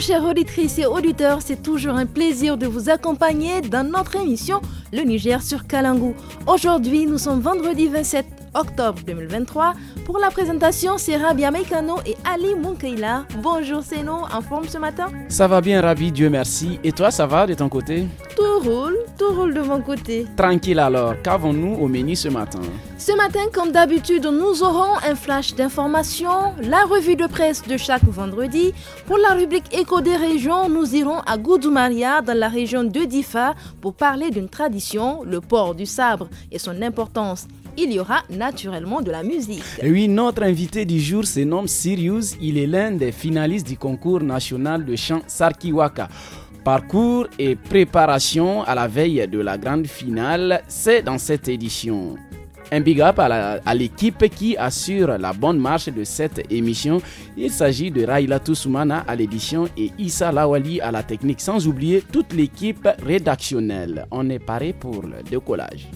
Chers auditrices et auditeurs, c'est toujours un plaisir de vous accompagner dans notre émission Le Niger sur Kalangu. Aujourd'hui, nous sommes vendredi 27 octobre 2023 pour la présentation c'est Rabia Meikano et Ali Munkaila. Bonjour Seno, en forme ce matin Ça va bien Rabi, Dieu merci. Et toi ça va de ton côté Tout roule, tout roule de mon côté. Tranquille alors, qu'avons-nous au menu ce matin Ce matin comme d'habitude nous aurons un flash d'informations, la revue de presse de chaque vendredi. Pour la rubrique éco des régions, nous irons à Goudoumaria dans la région de Difa pour parler d'une tradition, le port du sabre et son importance il y aura naturellement de la musique. Et oui, notre invité du jour se nomme Sirius. Il est l'un des finalistes du concours national de chant Sarkiwaka. Parcours et préparation à la veille de la grande finale, c'est dans cette édition. Un big up à l'équipe qui assure la bonne marche de cette émission. Il s'agit de Raila Toussoumana à l'édition et Issa Lawali à la technique, sans oublier toute l'équipe rédactionnelle. On est paré pour le décollage.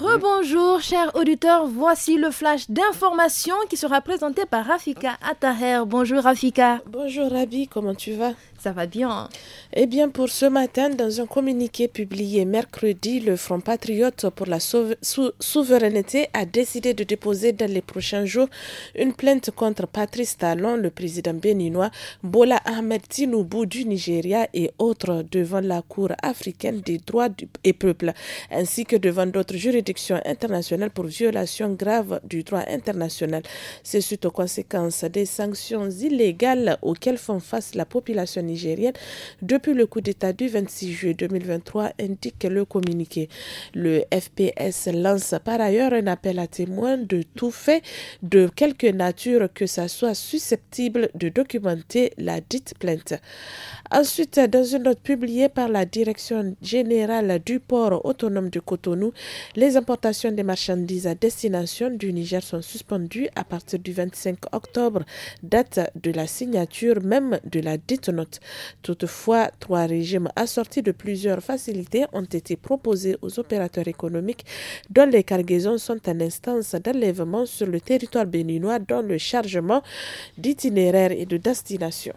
Rebonjour, chers auditeurs. Voici le flash d'information qui sera présenté par Rafika Ataher. Bonjour, Rafika. Bonjour, Rabi. Comment tu vas ça va bien. Hein. Eh bien, pour ce matin, dans un communiqué publié mercredi, le Front Patriote pour la souveraineté a décidé de déposer dans les prochains jours une plainte contre Patrice Talon, le président béninois, Bola Ahmed Tinubu du Nigeria et autres devant la Cour africaine des droits et peuples, ainsi que devant d'autres juridictions internationales pour violation grave du droit international. C'est suite aux conséquences des sanctions illégales auxquelles font face la population nigérienne depuis le coup d'État du 26 juillet 2023, indique le communiqué. Le FPS lance par ailleurs un appel à témoins de tout fait de quelque nature que ça soit susceptible de documenter la dite plainte. Ensuite, dans une note publiée par la Direction générale du port autonome de Cotonou, les importations des marchandises à destination du Niger sont suspendues à partir du 25 octobre, date de la signature même de la dite note. Toutefois, trois régimes assortis de plusieurs facilités ont été proposés aux opérateurs économiques dont les cargaisons sont en instance d'enlèvement sur le territoire béninois dans le chargement d'itinéraires et de destination.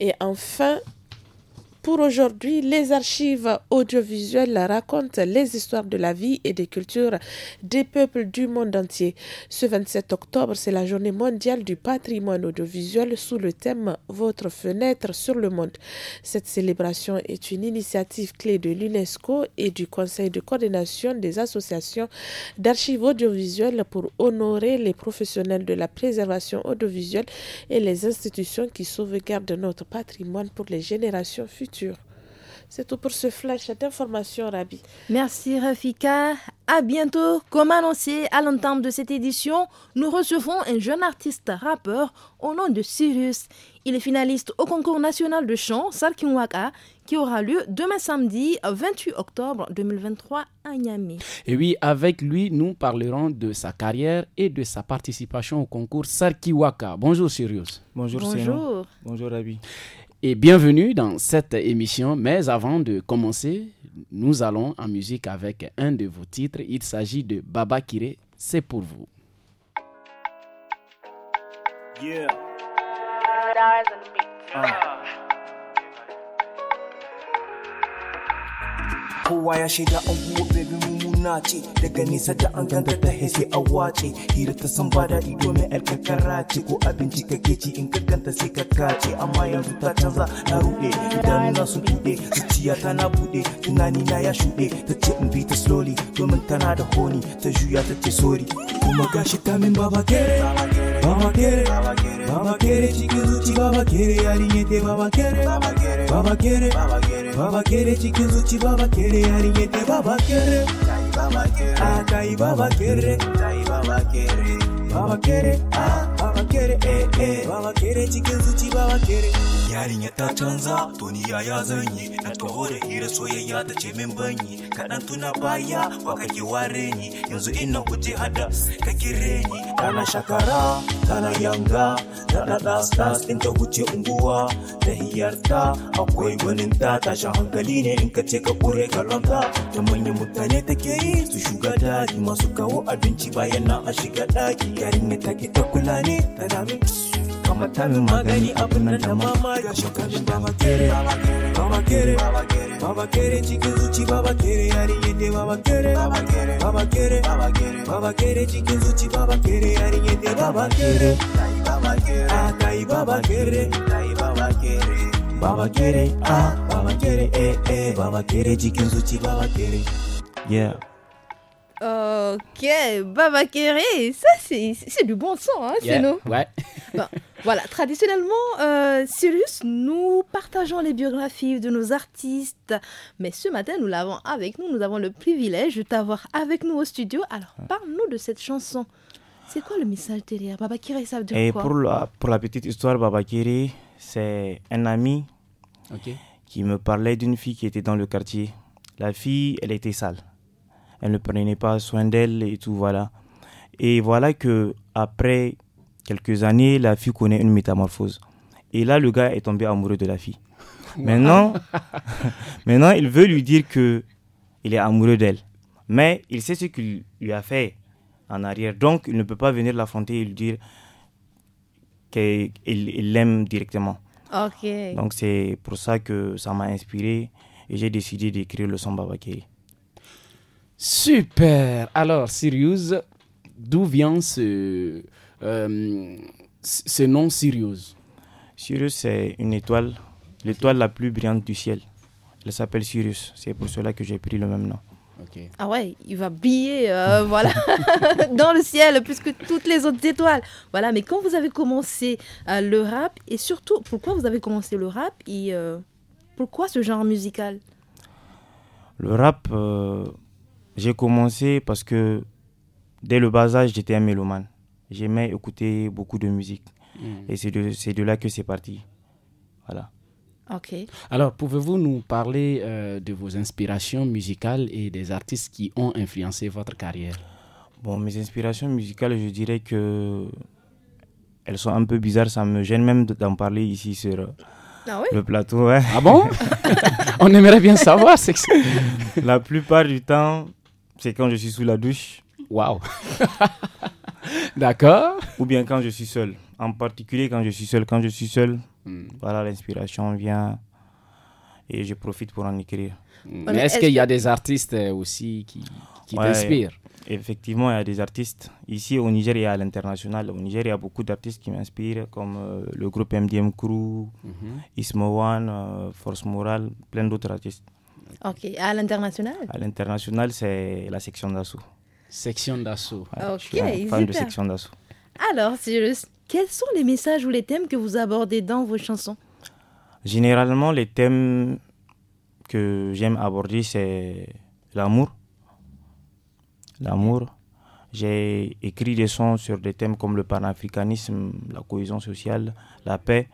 Et enfin, pour aujourd'hui, les archives audiovisuelles racontent les histoires de la vie et des cultures des peuples du monde entier. Ce 27 octobre, c'est la journée mondiale du patrimoine audiovisuel sous le thème Votre fenêtre sur le monde. Cette célébration est une initiative clé de l'UNESCO et du Conseil de coordination des associations d'archives audiovisuelles pour honorer les professionnels de la préservation audiovisuelle et les institutions qui sauvegardent notre patrimoine pour les générations futures. C'est tout pour ce flash information, Rabi. Merci, Rafika. À bientôt. Comme annoncé à l'entente de cette édition, nous recevons un jeune artiste rappeur au nom de Sirius. Il est finaliste au concours national de chant Waka qui aura lieu demain samedi 28 octobre 2023 à Niamey. Et oui, avec lui, nous parlerons de sa carrière et de sa participation au concours Sarkiwaka. Bonjour Sirius. Bonjour Bonjour. Bonjour Rabi et bienvenue dans cette émission. Mais avant de commencer, nous allons en musique avec un de vos titres. Il s'agit de Baba Kire, c'est pour vous. suna daga nisa ta an ganta ta hese a wace hira ta san ba daɗi domin yar karkara ko abinci kake ci in kankanta sai ka kace amma yanzu ta canza na ruɗe idan na su buɗe zuciya ta na buɗe tunani na ya shuɗe ta ce in bi ta slowly domin tana da honi ta juya ta ce sori kuma gashi ta min baba kere baba kere baba kere cikin zuci baba kere yarinya te baba kere baba kere vavakere chikinzo chivavakere arinyete vavakere adai vavakere vavakere vavakere ah, eh, eh. chikinzo chivavakere yarin ya ta canza to ya zan yi na taho da hira soyayya ta ce min banyi kaɗan tuna baya wa kake ware ni yanzu ina kuje hada ka kire ni tana shakara tana yanga da ɗaɗa stars ɗin ta wuce unguwa da hiyarta akwai gwanin ta hankali ne in ka ce ka kure kalonta da manyan mutane take yi su shuga daji masu kawo abinci bayan na a shiga ɗaki yarinya ta ke ta kula ne ta dami matanin magani abin nan da mamaki ga shekarun baba kere baba kere baba kere cikin zuci baba kere yari yadda baba kere baba kere baba kere baba kere cikin zuci baba kere yari yadda baba kere baba kere a kai baba kere kai baba kere baba kere a baba kere eh eh baba kere cikin zuci baba kere yeah Ok, Kéré, bah, ça c'est du bon sang, hein, nous. Bah, voilà, traditionnellement, euh, Sirius, nous partageons les biographies de nos artistes, mais ce matin nous l'avons avec nous, nous avons le privilège de t'avoir avec nous au studio, alors ah. parle-nous de cette chanson. C'est quoi le message derrière Kéré, ça veut dire Et quoi pour la, pour la petite histoire, Baba Kéré, c'est un ami qui me parlait d'une fille qui était dans le quartier. La fille, elle était sale elle ne prenait pas soin d'elle et tout, voilà. Et voilà que après quelques années, la fille connaît une métamorphose. Et là, le gars est tombé amoureux de la fille. Maintenant, maintenant, il veut lui dire que il est amoureux d'elle. Mais il sait ce qu'il lui a fait en arrière. Donc, il ne peut pas venir l'affronter et lui dire qu'il l'aime directement. Okay. Donc, c'est pour ça que ça m'a inspiré et j'ai décidé d'écrire le son Super. Alors, Sirius, d'où vient euh, ce, ce nom Sirius Sirius, c'est une étoile, l'étoile la plus brillante du ciel. Elle s'appelle Sirius. C'est pour cela que j'ai pris le même nom. Ah ouais, il va biller euh, voilà, dans le ciel, plus que toutes les autres étoiles. Voilà, mais quand vous avez commencé euh, le rap, et surtout, pourquoi vous avez commencé le rap et pourquoi ce genre musical Le rap, j'ai commencé parce que dès le bas âge, j'étais un mélomane. J'aimais écouter beaucoup de musique. Mm. Et c'est de, de là que c'est parti. Voilà. Ok. Alors, pouvez-vous nous parler euh, de vos inspirations musicales et des artistes qui ont influencé votre carrière Bon, mes inspirations musicales, je dirais que elles sont un peu bizarres. Ça me gêne même d'en parler ici sur euh, ah le plateau. Hein. Ah bon On aimerait bien savoir. La plupart du temps, c'est quand je suis sous la douche. Waouh D'accord. Ou bien quand je suis seul. En particulier quand je suis seul. Quand je suis seul, hmm. voilà, l'inspiration vient et je profite pour en écrire. Hmm. Mais est-ce qu'il y a des artistes euh, aussi qui, t'inspirent Effectivement, il y a des artistes. Ici au Niger à l'international, au Niger, il y a beaucoup d'artistes qui m'inspirent, comme euh, le groupe MDM Crew, mhm. Ismo One, euh, Force Morale, plein d'autres artistes. Ok. À l'international À l'international, c'est la section d'assaut. Section d'assaut. ok. Je suis fan de section d'assaut. Alors, Cyrus, quels sont les messages ou les thèmes que vous abordez dans vos chansons Généralement, les thèmes que j'aime aborder, c'est l'amour. L'amour. J'ai écrit des sons sur des thèmes comme le panafricanisme, la cohésion sociale, la paix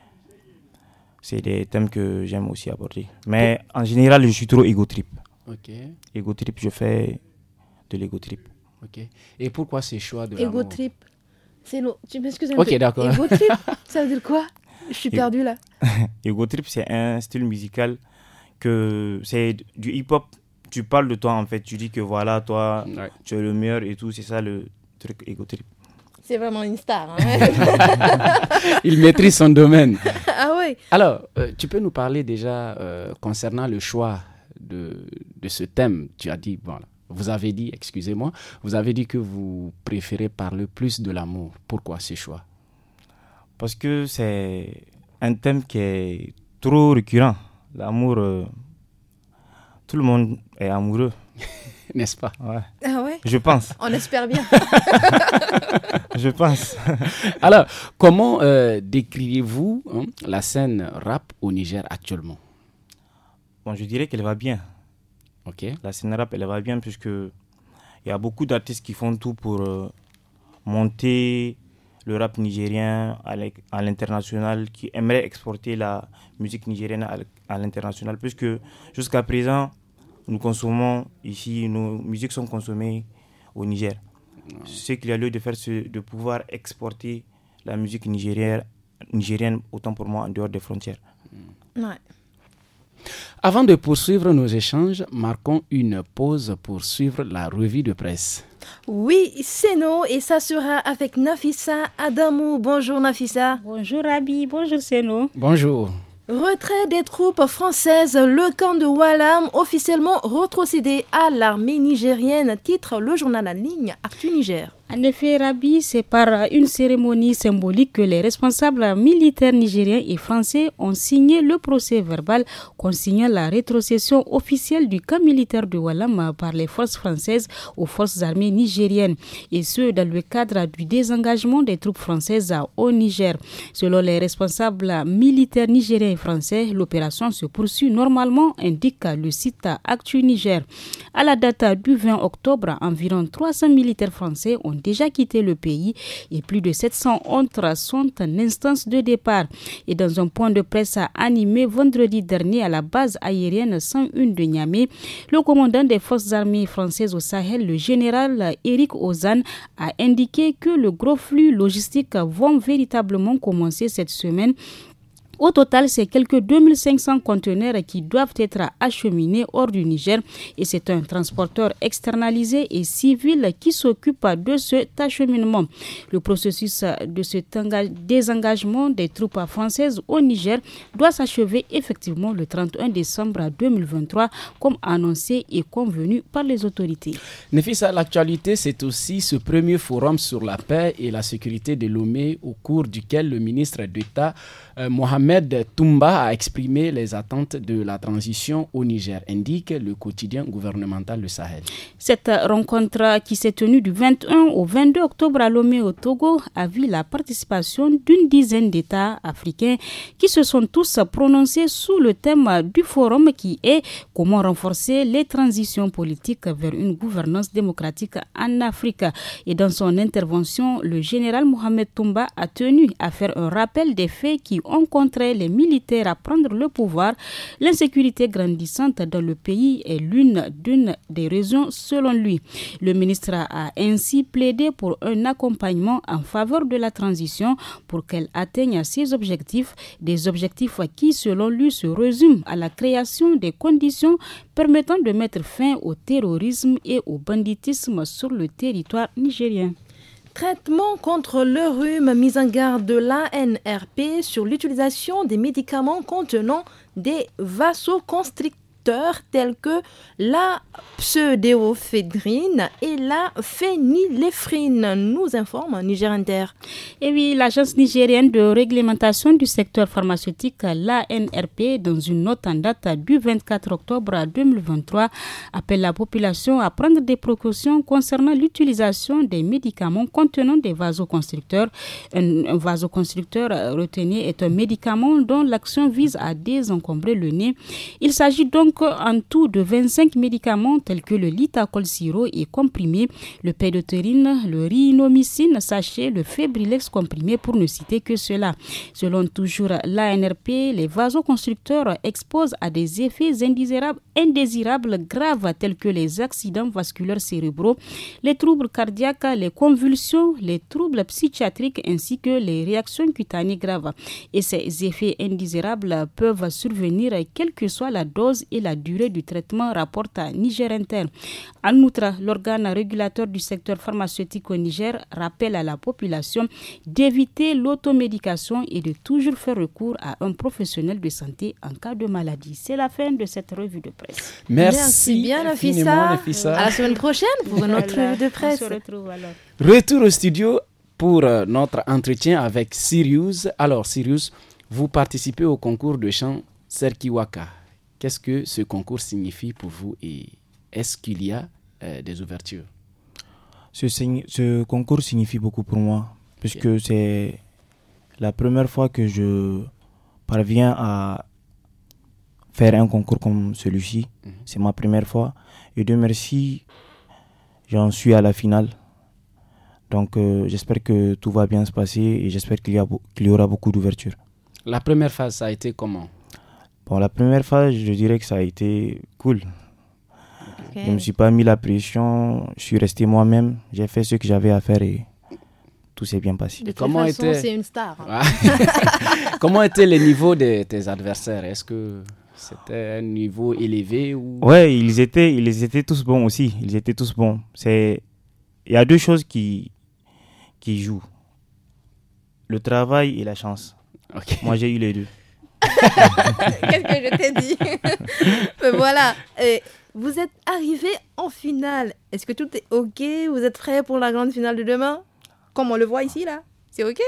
c'est des thèmes que j'aime aussi aborder. Mais en général, je suis trop égo trip. Ok. trip, je fais de l'ego trip. Ok. Et pourquoi ces choix de Ego trip, c'est le... Tu m'excuses un Ok, Ego ça veut dire quoi Je suis perdu là. ego trip, c'est un style musical que c'est du hip hop. Tu parles de toi en fait. Tu dis que voilà, toi, tu es le meilleur et tout. C'est ça le truc égo trip. C'est vraiment une star. Hein. Il maîtrise son domaine. Ah oui. Alors, euh, tu peux nous parler déjà euh, concernant le choix de, ce thème. Tu as dit, voilà, vous avez dit, excusez-moi, vous avez dit que vous préférez parler plus de l'amour. Pourquoi ce choix Parce que c'est un thème qui est trop récurrent. L'amour, euh, tout le monde est amoureux. n'est-ce pas ouais. Ah je pense. On espère bien. je pense. Alors, comment euh, décrivez-vous hein, la scène rap au Niger actuellement Bon, je dirais qu'elle va bien. Ok. La scène rap, elle va bien puisque il y a beaucoup d'artistes qui font tout pour euh, monter le rap nigérien à l'international, qui aimeraient exporter la musique nigérienne à l'international, puisque jusqu'à présent, nous consommons ici, nos musiques sont consommées au Niger. Ce qu'il y a lieu de faire, c'est de pouvoir exporter la musique nigérienne, nigérienne, autant pour moi, en dehors des frontières. Mm. Avant de poursuivre nos échanges, marquons une pause pour suivre la revue de presse. Oui, c'est nous et ça sera avec Nafissa Adamou. Bonjour Nafissa. Bonjour Abi, bonjour Seno. Bonjour. Retrait des troupes françaises, le camp de Walam officiellement retrocédé à l'armée nigérienne, titre le journal en ligne Actu Niger. En effet, Rabi, c'est par une cérémonie symbolique que les responsables militaires nigériens et français ont signé le procès verbal consignant la rétrocession officielle du camp militaire de Walam par les forces françaises aux forces armées nigériennes, et ce, dans le cadre du désengagement des troupes françaises au Niger. Selon les responsables militaires nigériens et français, l'opération se poursuit normalement, indique le site Actu Niger. À la date du 20 octobre, environ 300 militaires français ont déjà quitté le pays et plus de 700 autres sont en instance de départ. Et dans un point de presse animé vendredi dernier à la base aérienne 101 de Niamey, le commandant des forces armées françaises au Sahel, le général Eric Ozan, a indiqué que le gros flux logistique va véritablement commencer cette semaine au total, c'est quelques 2500 conteneurs qui doivent être acheminés hors du Niger et c'est un transporteur externalisé et civil qui s'occupe de cet acheminement. Le processus de ce désengagement des troupes françaises au Niger doit s'achever effectivement le 31 décembre 2023 comme annoncé et convenu par les autorités. à l'actualité, c'est aussi ce premier forum sur la paix et la sécurité de Lomé au cours duquel le ministre d'État euh, Mohamed Ahmed Toumba a exprimé les attentes de la transition au Niger, indique le quotidien gouvernemental Le Sahel. Cette rencontre qui s'est tenue du 21 au 22 octobre à Lomé au Togo a vu la participation d'une dizaine d'États africains qui se sont tous prononcés sous le thème du forum qui est comment renforcer les transitions politiques vers une gouvernance démocratique en Afrique. Et dans son intervention, le général Mohamed Toumba a tenu à faire un rappel des faits qui ont les militaires à prendre le pouvoir, l'insécurité grandissante dans le pays est l'une d'une des raisons selon lui. Le ministre a ainsi plaidé pour un accompagnement en faveur de la transition pour qu'elle atteigne ses objectifs, des objectifs qui selon lui se résument à la création des conditions permettant de mettre fin au terrorisme et au banditisme sur le territoire nigérien traitement contre le rhume, mise en garde de l'ANRP sur l'utilisation des médicaments contenant des vasoconstricteurs tels que la pseudéophédrine et la phényléphrine, nous informe Niger Inter. Et oui, l'Agence nigérienne de réglementation du secteur pharmaceutique, l'ANRP, dans une note en date du 24 octobre 2023, appelle la population à prendre des précautions concernant l'utilisation des médicaments contenant des vasoconstricteurs. Un, vasoconstricteur, retenu est un médicament dont l'action vise à désencombrer le nez. Il s'agit donc en tout de 25 médicaments tels que le litacol sirop et comprimé, le pédotérine, le rhinomycine sachet, le fébrilex comprimé pour ne citer que cela. Selon toujours l'ANRP, les vasoconstructeurs exposent à des effets indésirables, indésirables graves tels que les accidents vasculaires cérébraux, les troubles cardiaques, les convulsions, les troubles psychiatriques ainsi que les réactions cutanées graves. Et ces effets indésirables peuvent survenir quelle que soit la dose et la la durée du traitement, rapporte à Niger Inter. En outre, l'organe régulateur du secteur pharmaceutique au Niger rappelle à la population d'éviter l'automédication et de toujours faire recours à un professionnel de santé en cas de maladie. C'est la fin de cette revue de presse. Merci, bien, Nafissa. À la semaine prochaine pour notre revue de presse. On se retrouve alors. Retour au studio pour euh, notre entretien avec Sirius. Alors, Sirius, vous participez au concours de chant Serkiwaka. Qu'est-ce que ce concours signifie pour vous et est-ce qu'il y a euh, des ouvertures ce, concours signifie beaucoup pour moi, puisque c'est la première fois que je parviens à faire un concours comme celui-ci. Mhm. C'est ma première fois. Et de merci, j'en suis à la finale. Donc euh, j'espère que tout va bien se passer et j'espère qu'il y, y aura beaucoup d'ouvertures. La première phase, ça a été comment la première phase, je dirais que ça a été cool. Je ne me suis pas mis la pression, je suis resté moi-même, j'ai fait ce que j'avais à faire et tout s'est bien passé. De toute Comment façon, était... c'est une star. Hein. Ah. Comment étaient les niveaux de tes adversaires Est-ce que c'était un niveau élevé ou... Ouais, ils étaient, ils étaient tous bons aussi. Ils étaient tous bons. C'est, il y a deux choses qui, qui jouent le travail et la chance. Moi, j'ai eu les deux. Qu'est-ce que je t'ai dit ben voilà. Et vous êtes arrivé en finale. Est-ce que tout est OK Vous êtes prêt pour la grande finale de demain Comme on le voit ici, là C'est OK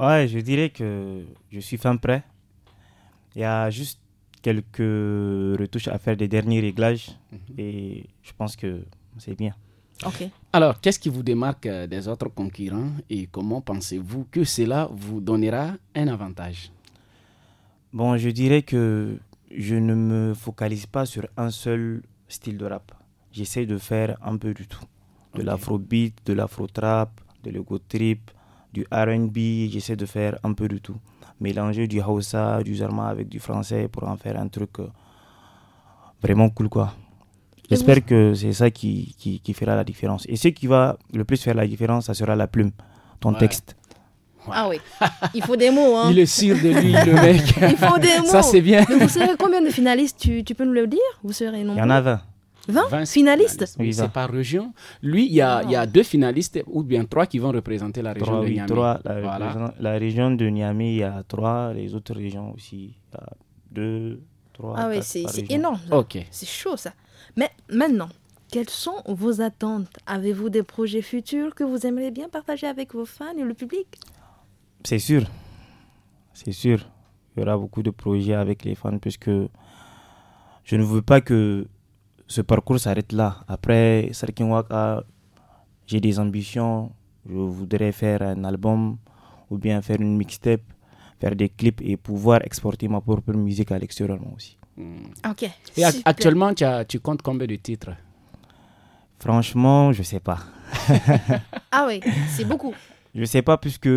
Ouais, je dirais que je suis fin prêt. Il y a juste quelques retouches à faire des derniers réglages. Mhm. Et je pense que c'est bien. Ok. Alors, qu'est-ce qui vous démarque euh, des autres concurrents et comment pensez-vous que cela vous donnera un avantage Bon, je dirais que je ne me focalise pas sur un seul style de rap. J'essaie de faire un peu du tout. De l'afrobeat, de l'afro-trap, de l'ego trip, du RB, j'essaie de faire un peu du tout. Mélanger du Hausa, du Zarma avec du français pour en faire un truc euh, vraiment cool quoi. J'espère que c'est ça qui, fera la différence. Et ce qui va le plus faire la différence, ça sera la plume, ton texte. Ah oui, il faut des mots. Hein. Il est sûr de lui, le mec. il faut des mots. Ça, c'est bien. vous savez combien de finalistes tu, peux nous le dire Vous serez Il y en a 20. 20, finalistes Oui, c'est par région. Lui, il y, a, ah. deux finalistes ou bien trois qui vont représenter la région de Niamey. la, région, de Niamey, il y a trois, les autres régions aussi. Il y a deux, trois. Ah oui, c'est énorme. C'est chaud ça. Mais maintenant, quelles sont vos attentes Avez-vous des projets futurs que vous aimeriez bien partager avec vos fans et le public c'est sûr. C'est sûr. Il y aura beaucoup de projets avec les fans puisque je ne veux pas que ce parcours s'arrête là. Après Sarkin Waka, j'ai des ambitions. Je voudrais faire un album ou bien faire une mixtape, faire des clips et pouvoir exporter ma propre musique à l'extérieur aussi. Hmm. Ok. Et actuellement, tu, tu comptes combien de titres Franchement, je sais pas. ah oui, c'est beaucoup. Je sais pas puisque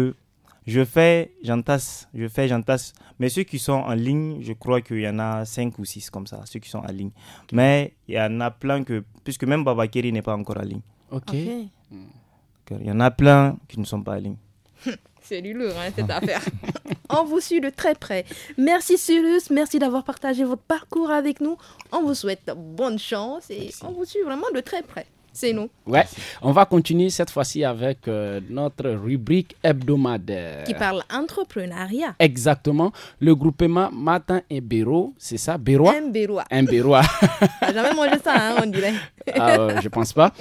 je fais, j'entasse, je fais, j'entasse. Mais ceux qui sont en ligne, je crois qu'il y en a cinq ou six comme ça, ceux qui sont en ligne. Mais il y en a plein que, puisque même Babakiri n'est pas encore en ligne. Ok. Il y en a plein qui ne sont pas en ligne. C'est lourd, hein, cette affaire. On vous suit de très près. Merci Cyrus, merci d'avoir partagé votre parcours avec nous. On vous souhaite bonne chance et on vous suit vraiment de très près. C'est nous. Ouais. On va continuer cette fois-ci avec euh, notre rubrique hebdomadaire. Qui parle entrepreneuriat. Exactement. Le groupement Matin et Béro, c'est ça Bérois Un Bérois. Un Bérois. Ah, jamais mangé ça, hein, on dirait. Ah, je pense pas.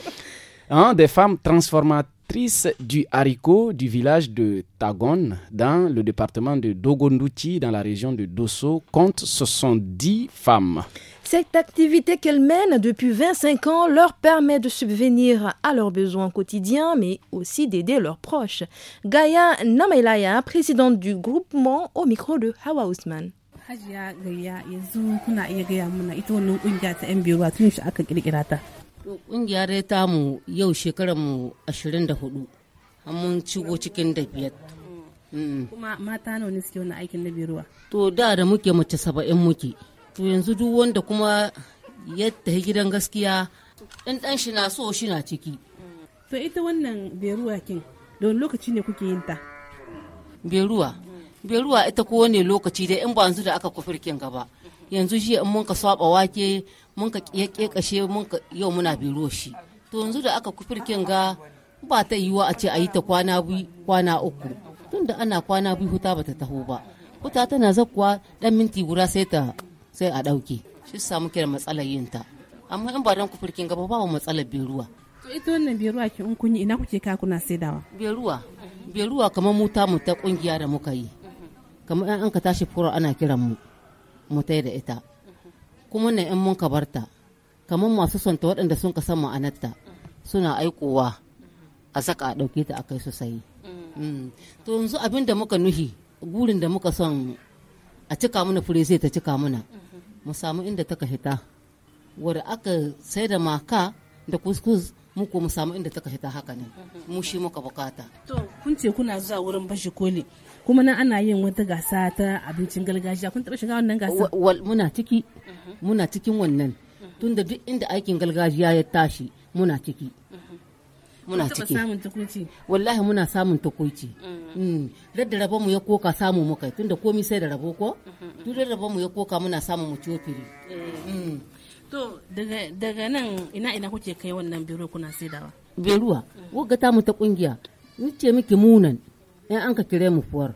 Hein, des femmes transformatrices directrice du haricot du village de Tagon, dans le département de Dogonduti, dans la région de Dosso, compte 70 femmes. Cette activité qu'elles mènent depuis 25 ans leur permet de subvenir à leurs besoins quotidiens, mais aussi d'aider leurs proches. Gaya Namelaya, présidente du groupement, au micro de Hawa Ousmane. Ƙungiya dai ta mu yau shekarar mu 24 mun cigo cikin da biyar. Mm. Kuma mata nawa ne suke wani aikin na biruwa? To da da muke mace saba'in muke. To yanzu duk wanda kuma yadda gidan gaskiya ɗan ɗan shi na so shi na ciki. To ita wannan beruwa kin da wani lokaci ne kuke yin ta? Beruwa. Beruwa ita ko lokaci da in ba da aka kufirkin gaba. yanzu shi in mun ka saba wake mun ka kashe mun ka yau muna biro shi to yanzu da aka kufirkin ga ba ta yiwa a ce a yi ta kwana biyu kwana uku tunda ana kwana biyu huta bata taho ba huta tana zakkuwa dan minti guda sai ta sai a dauke shi samu kira matsalar yin ta amma in ba dan kufirkin ga ba matsalar biruwa to ita wannan biruwa ki in kun yi ina kuke ka kuna saidawa biruwa biruwa kamar mu ta mu ta kungiya da muka yi kamar an ka tashi fura ana kiran mu mu tai da ita kuma na in mun kabarta kamar masu ta waɗanda sun san ma'anarta suna aikowa a saka a ɗauke ta a kai su sayi mm. to yanzu abin da muka nuhi gurin da muka son a cika mana fure zai ta cika mana mu samu inda ta ka hita wadda aka sai da maka da kuskus muku mu samu inda ta ka hita haka ne mu shi muka bukata to kun ce kuna zuwa wurin bashi ne. kuma nan ana yin wata gasa ta abincin gargajiya kun taba shiga wannan gasa muna ciki muna cikin wannan tunda duk inda aikin gargajiya ya tashi muna ciki muna ciki wallahi muna samun takuici mm. da da rabo mu ya koka samu mu kai tunda komai sai da rabo ko duk da rabo mu ya koka muna samu mu ciwo eh. mm. to daga nan ina ina kuke kai wannan biro kuna saidawa beruwa wagga ta mu ta kungiya ni ce miki munan in an ka kire mu fuwar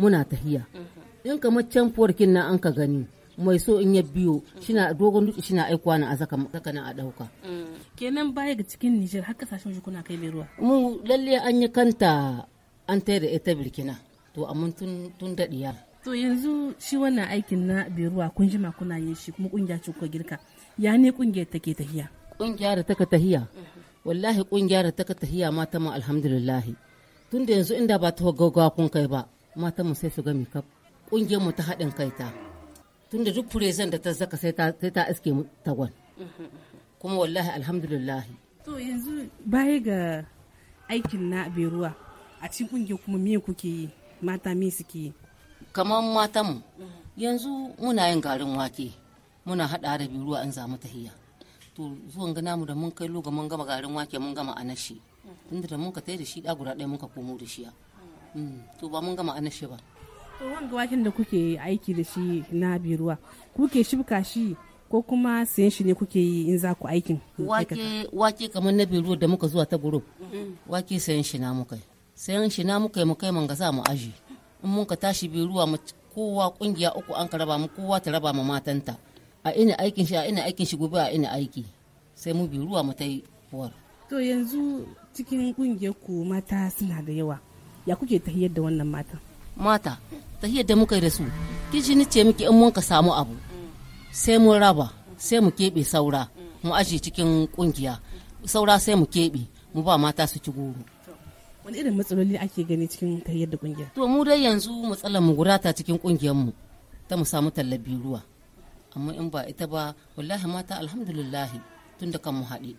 muna tahiya mhm. in ka macen fuwar kin na an ka gani mai so in ya biyo mhm. shina dogon duki shina aikuwa na a zaka na a dauka mhm. kenan baya ga cikin Niger har kasashen shi kuna kai ruwa mu lalle an yi kanta an tayar da ita Burkina to amma tun tun dadiya to yanzu shi wannan aikin na Beruwa kun jima kuna yin shi kuma kungiya ce kuka girka ya ne kungiyar take tahiya kungiya da take tahiya wallahi kungiya da take tahiya ma ta ma alhamdulillah tunda yanzu inda ba ta gaggawa kun kai ba matan mu sai su ga kaf kungiyar mu ta haɗin kai ta tunda duk furezan da ta zaka sai ta sai ta iske mu tagon kuma wallahi alhamdulillah to yanzu baya ga aikin na beruwa a cikin kungiyar kuma me kuke yi mata me suke yi kamar matan mu yanzu muna yin garin wake muna haɗa da beruwa an zamu tahiya to zuwan gana mu da mun kai lokacin mun gama garin wake mun gama anashi inda da mun ka tai da shi da guda ɗaya mun ka komo da shi mm, to ba mun gama ana shi ba to wanga waken da kuke aiki da shi na biruwa kuke shibka shi ko kuma sayan shi ne kuke yi in za ku aikin wake wake kamar na biruwa da muka zuwa ta group wake sayan shi na muka sayan shi na muka mu kai manga za mu aji in mun ka tashi biruwa mu kowa kungiya uku an ka raba mu kowa ta raba ma matanta a ina aikin shi a ina aikin shi gobe a ina aiki sai mu biruwa mu ta yi to yanzu cikin kungiyar ku mata suna da yawa ya kuke tahiyar da wannan mata mata tahiyar da muka da su kici ni ce miki in mun ka samu abu sai mun raba sai mu keɓe saura mu aje cikin kungiya saura sai mu keɓe mu ba mata su ci goro wani irin matsaloli ake gani cikin tahiyar da kungiya to mu dai yanzu matsalar mu gurata cikin kungiyar mu ta mu samu tallabi ruwa amma in ba ita ba wallahi mata alhamdulillah tun da kan mu haɗe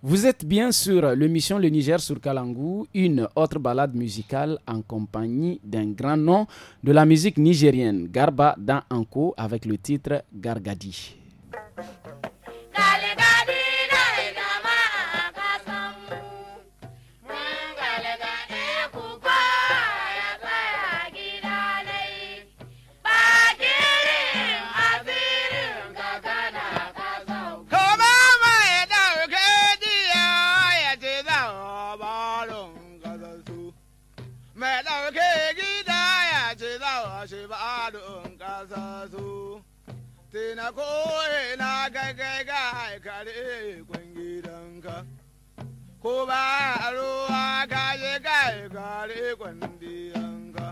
Vous êtes bien sur l'émission Le Niger sur Kalangou, une autre balade musicale en compagnie d'un grand nom de la musique nigérienne, Garba Anko avec le titre Gargadi. Tina ko na kai kai kai kare gidanka. Ko ba a ruwa ka je kai kare kwandiyanka.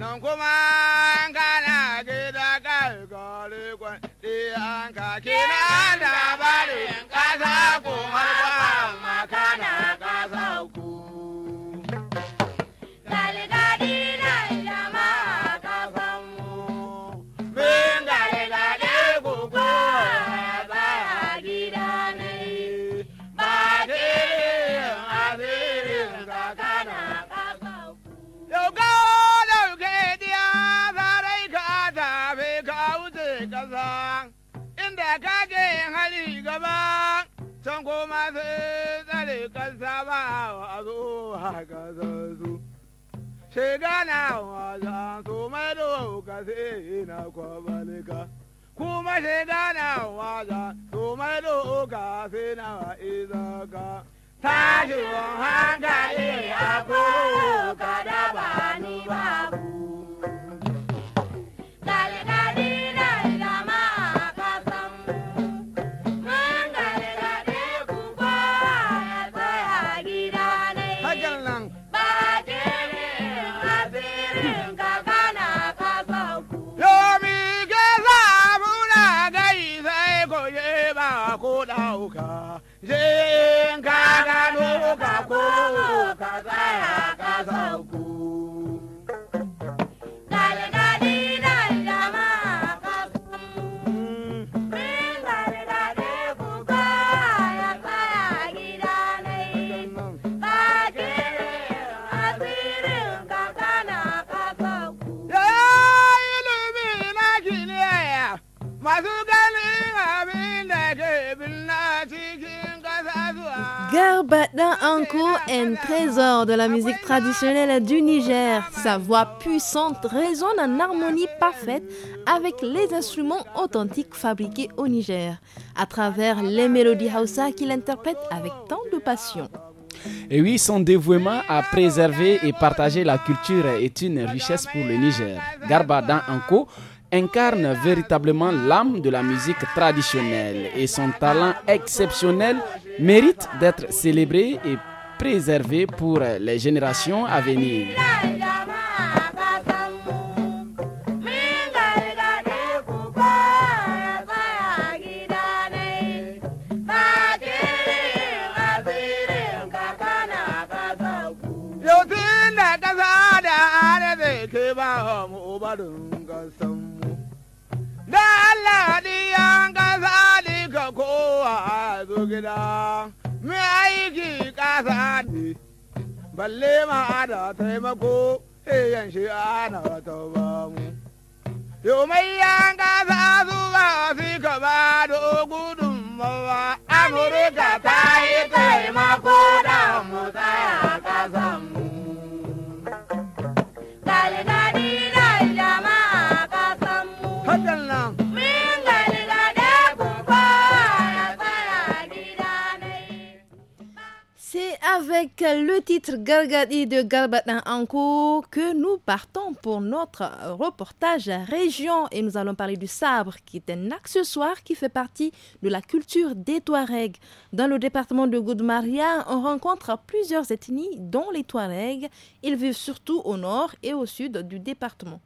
Nan kuma an kana gida kai kare kwandiyanka. na da bari kasa kuma ba makana kasa ya hali gaba can kuma sai tsare kansa ba a zo haka su shiga na wajen su mai doka sai na kwabalika kuma shiga na wajen su mai doka sai na izaka tashin hankali a kuka da ba ni babu D'un Anko un trésor de la musique traditionnelle du Niger. Sa voix puissante résonne en harmonie parfaite avec les instruments authentiques fabriqués au Niger, à travers les mélodies Hausa qu'il interprète avec tant de passion. Et oui, son dévouement à préserver et partager la culture est une richesse pour le Niger. Garba Dan Anko incarne véritablement l'âme de la musique traditionnelle et son talent exceptionnel mérite d'être célébré et préservé pour les générations à venir. bayan ƙasa duka kowa zo gida mai aiki ƙasa ne balle ma da taimako yan shi ana ta ba mu domin yan ƙasa su ba su ka ba da gudunmawa amurka ta yi taimako da mu tsaya kasa mu avec le titre Gargadi de en Anko que nous partons pour notre reportage région et nous allons parler du sabre qui est un accessoire qui fait partie de la culture des Touaregs. Dans le département de Goudmaria, on rencontre plusieurs ethnies dont les Touaregs. Ils vivent surtout au nord et au sud du département.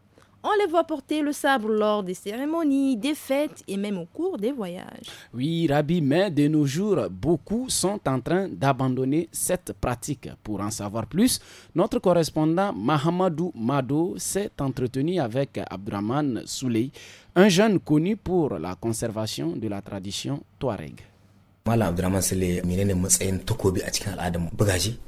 On les voit porter le sabre lors des cérémonies, des fêtes et même au cours des voyages. Oui, Rabbi, mais de nos jours, beaucoup sont en train d'abandonner cette pratique. Pour en savoir plus, notre correspondant Mahamadou Mado s'est entretenu avec Abdraman Souley, un jeune connu pour la conservation de la tradition touareg. Malam Abdulrahman Sule menene matsayin takobi a cikin al'adar buga shi?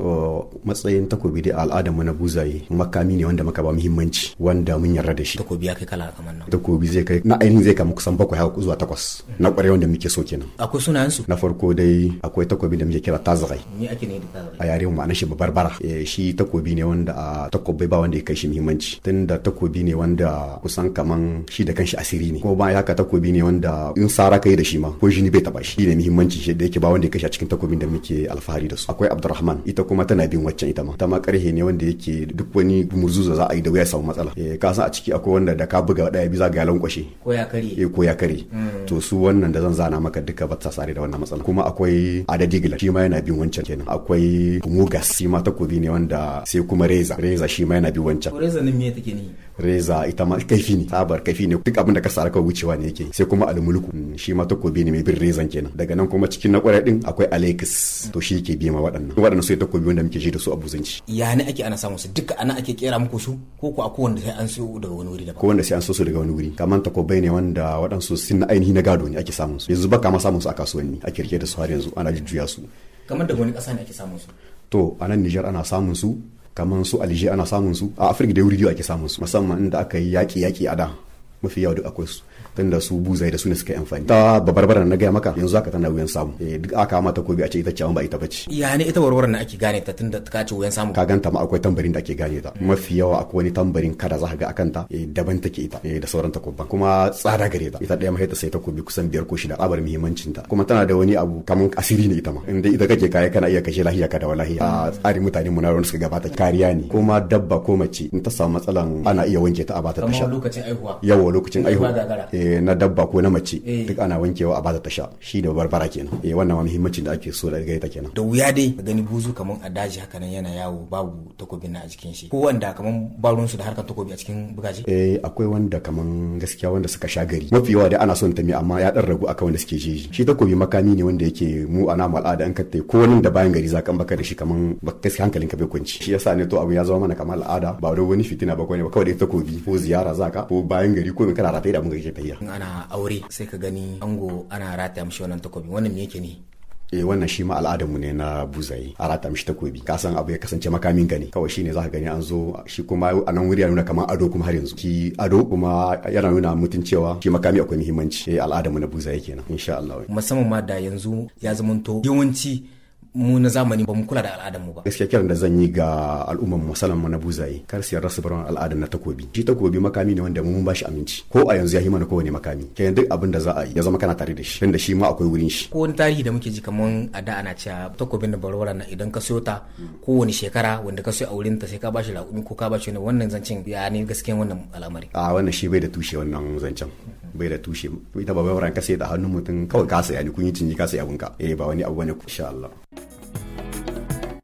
matsayin takobi dai al'adar mu na buzaye makami ne wanda muka ba muhimmanci wanda mun yarda da shi. Takobi ya kai kala kamar nan. Takobi zai kai na ainihin zai kama kusan bakwai haka zuwa takwas mm. na kwarai wanda muke so kenan. Akwai sunayen su? Na farko dai akwai takobi da muke kira tazarai. Ni ake ne da tazarai? A yare mu ma'anar shi barbara. Eh, shi takobi ne wanda a takobi ba wanda ya kai shi muhimmanci tunda takobi ne wanda kusan kaman shi da kanshi asiri ne. Ko ba ka takobi ne wanda in sara kai da shi ma ko jini bai taba shi ne muhimmanci shi da yake ba wanda ya kashe a cikin takobin da muke alfahari da su akwai abdurrahman ita kuma tana bin waccan ita ma ta ma karhe ne wanda yake duk wani murzuza za a yi da wuya samu matsala eh ka san a ciki akwai wanda da ka buga daya bi za ga yalan kwashe ko ya kare eh ko ya kare hmm. to su wannan da zan zana maka duka ba ta sare da wannan matsala kuma akwai adadigila shi ma yana bin wancan kenan akwai mugas shi ma takobi ne wanda sai kuma reza reza shi ma yana bin wancan reza ne me take ni reza ita ma kaifi ne sabar kaifi ne duk abin da ka sare ka wucewa ne yake sai kuma almulku hmm, shi ma takobi ne mai bin rezan kenan daga nan kuma cikin na kwarai din akwai alekis to shi yake biya ma waɗannan waɗannan su ya takobi wanda muke ji da su a buzanci ya ne ake ana samun su duka ana ake kera muku su ko ko akwai wanda sai an siyo daga wani wuri daban ko wanda sai an so su daga wani wuri ko takobai ne wanda waɗansu sun na ainihi na gado ne ake samun su yanzu baka ma samun su a kasuwanni ake rike da su har yanzu ana jujjuya su kamar daga wani ƙasa ne ake samun su to a nan Nijar ana samun su kamar su Alger ana samun su a Afirka da wuri ake samun su musamman inda aka yi yaki yaki a da mafi yawa duk akwai su tunda su buzai da su ne suka amfani ta babarbara na gaya maka yanzu aka tana wuyan samu eh, duk aka mata kobi a ce ita ce ba ita bace ya ne ita warwaran na ake gane ta tunda ka ce wuyan samu ka ganta ma akwai tambarin da ake gane ta mafi yawa akwai wani tambarin kada za ka ga akan ta eh, daban take ita eh, da sauran takobban kuma tsada gare ta ita ɗaya mai ta sai takobi kusan biyar ko shida abar muhimmancin ta kuma tana da wani abu kaman asiri ne ita ma inda ita kake kaya kana iya kashe lahiya ka da walahiya a tsari mutane mu na ruwan suka gabata kariya ne kuma dabba ko mace in ta samu matsalan ana iya wanke ta a bata ta lokacin aihuwa yawa lokacin aihuwa Eh, na dabba ko na mace eh. duk ana wankewa a bata ta sha shi da barbara kenan eh wannan ma muhimmancin da ake so da gaita kenan da wuya dai gani buzu kaman a daji haka nan yana yawo babu takobi na a jikin shi ko wanda kaman barun su da harkar takobi a cikin bugaji eh akwai wanda kaman gaskiya wanda suka sha gari mafi yawa dai ana son ta mi amma ya dan ragu akan wanda suke jeji shi takobi makami ne wanda yake mu ana al'ada an kattai ko wani da bayan gari za kan baka da shi kaman gaskiya hankalin ka bai kunci shi yasa ne to abu ya zama mana kamar al'ada ba da wani fitina ba ko ne ba kawai da takobi ko ziyara zaka ko bayan gari ko kana rataye da mun ga ke tafiya in ana aure sai ka gani ango ana rata mishi wannan takobi wannan me yake ne eh wannan shi ma al'adarmu ne na buzaye a rata mishi takobi ka san abu ya kasance makamin gani ne kawai shine zaka gani an zo shi kuma a nan wuri ya nuna kamar ado kuma har yanzu shi ado kuma yana nuna mutun cewa shi makami akwai muhimmanci eh al'adarmu na buzaye kenan insha Allah musamman ma da yanzu ya zamanto yawanci mu na zamani ba mu kula da al'adar mu ba gaskiya kiran da zan yi ga al'umman mu na buzaye kar siyar yarda bar al'adar na takobi shi takobi makami ne wanda mun bashi aminci ko a yanzu ya yi mana kowane makami kenan duk abin da za a yi ya zama kana tare da shi tunda shi ma akwai wurin shi ko wani tarihi da muke ji kaman a da ana cewa takobin da barwara na idan ka siyo ta kowane shekara wanda ka siyo a wurin ta sai ka bashi la'umi ko ka bashi wannan zancen ya ne gaskiyan wannan al'amari a wannan shi bai da tushe wannan zancen bai da tushe ita ba bai ka sai da hannun mutum kawai ka saya kun yi cinji ka abun ka eh ba wani abu bane insha Allah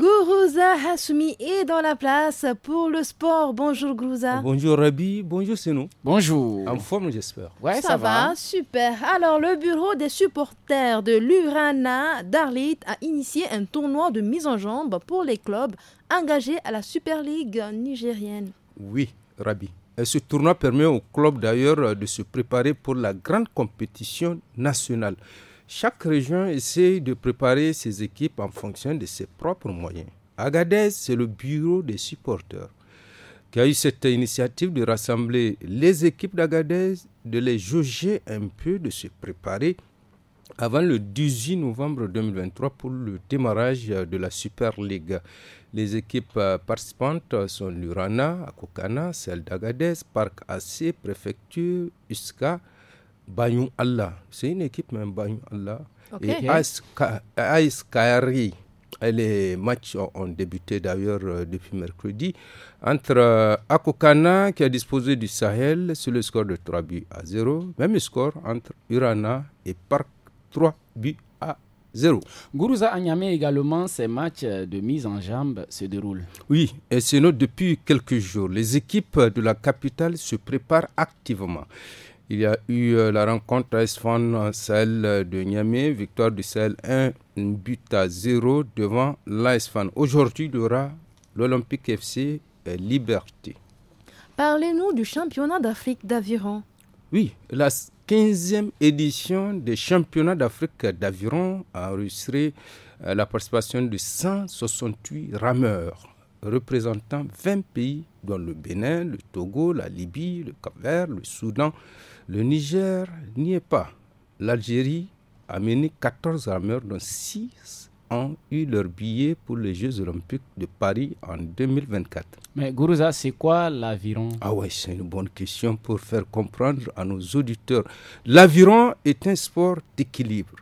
Guruza Hassoumi est dans la place pour le sport. Bonjour Guruza. Bonjour Rabi, bonjour nous. Bonjour. En forme j'espère. Ouais, ça, va. Super. Alors le bureau des supporters de l'Urana d'Arlit a initié un tournoi de mise en jambe pour les clubs engagés à la Super League nigérienne. Oui, Rabi. Et ce tournoi permet aux clubs d'ailleurs de se préparer pour la grande compétition nationale. Chaque région essaie de préparer ses équipes en fonction de ses propres moyens. Agadez, c'est le bureau des supporters qui a eu cette initiative de rassembler les équipes d'Agadez, de les jauger un peu, de se préparer avant le 18 novembre 2023 pour le démarrage de la Super League. Les équipes euh, participantes sont l'Urana, Akokana, celle d'Agadez, Parc AC, Préfecture, Uska, Bayou Allah. C'est une équipe même, Bayou Allah. Et eh, Aïs Kairi. Les matchs ont débuté d'ailleurs euh, depuis mercredi entre euh, Akokana qui a disposé du Sahel sur le score de 3 buts à 0, même score entre Urana et Park 3 buts à 0. Gourouza Agname également, ces matchs de mise en jambe se déroulent. Oui, et sinon depuis quelques jours, les équipes de la capitale se préparent activement. Il y a eu euh, la rencontre en Sahel euh, de Niamey, victoire du Sahel 1 but à 0 devant Fan. Aujourd'hui, il y aura l'Olympique FC Liberté. Parlez-nous du championnat d'Afrique d'aviron. Oui, la 15e édition des championnats d'Afrique d'aviron a enregistré euh, la participation de 168 rameurs représentant 20 pays, dont le Bénin, le Togo, la Libye, le Cap-Vert, le Soudan. Le Niger n'y est pas. L'Algérie a mené 14 armeurs dont 6 ont eu leur billet pour les Jeux olympiques de Paris en 2024. Mais Gourouza, c'est quoi l'aviron Ah ouais, c'est une bonne question pour faire comprendre à nos auditeurs. L'aviron est un sport d'équilibre,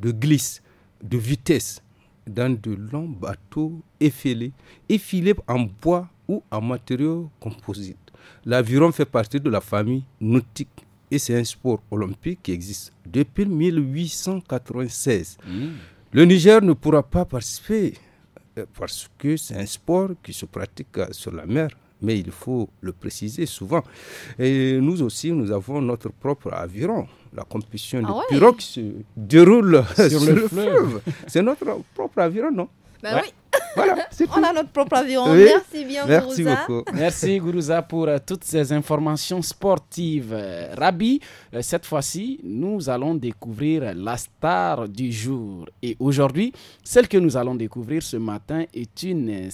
de glisse, de vitesse, dans de longs bateaux effilés, effilés en bois ou en matériaux composites. L'aviron fait partie de la famille nautique et c'est un sport olympique qui existe depuis 1896. Mmh. Le Niger ne pourra pas participer euh, parce que c'est un sport qui se pratique euh, sur la mer, mais il faut le préciser souvent. Et nous aussi, nous avons notre propre aviron la compétition du ah de ouais. se déroule sur, le, fleuve. C'est notre propre environnement. Ben oui. Voilà, On a notre propre avion. Merci bien, Merci beaucoup. Merci, Gourouza, pour euh, toutes ces informations sportives. Euh, Rabi, euh, cette fois-ci, nous allons découvrir la star du jour. Et aujourd'hui, celle que nous allons découvrir ce matin est une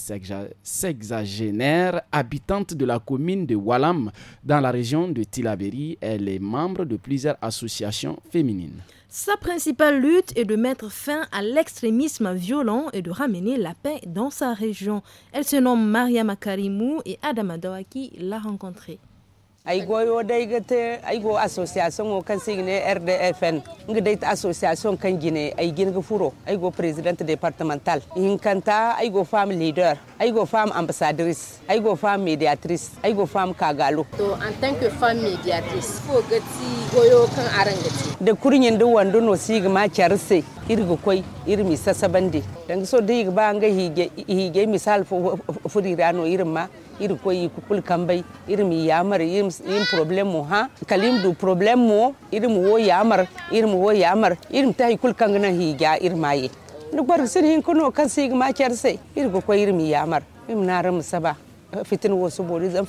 sexagénaire habitante de la commune de Walam, dans la région de Tilaberi. Elle est membre de plusieurs associations féminines. Sa principale lutte est de mettre fin à l'extrémisme violent et de ramener la paix dans sa région. Elle se nomme Mariama Makarimou et Adama Dawaki l'a rencontrée. aigo yo dai gate aigo association o kan signe rdfn ngi dai association kan gine ai gin ga furo aigo president departmental in kanta aigo farm leader aigo farm ambassadrice aigo farm mediatrice aigo farm kagalo to an tant que farm mediatrice ko gati goyo kan aran gati da kurnyin da wando no sigma charse irga koi irmi sasabande dan so dai ba nga hige hige misal fu furirano irin ma ir ko yi kukul kambai ir mi yamar yin problem mo ha kalim du problem mo ir mu wo yamar ir mu wo yamar ir ga ir mai ni gbar sin hin kuno kan sig ma ir ko ko ir mi yamar im na ram fitin wo zan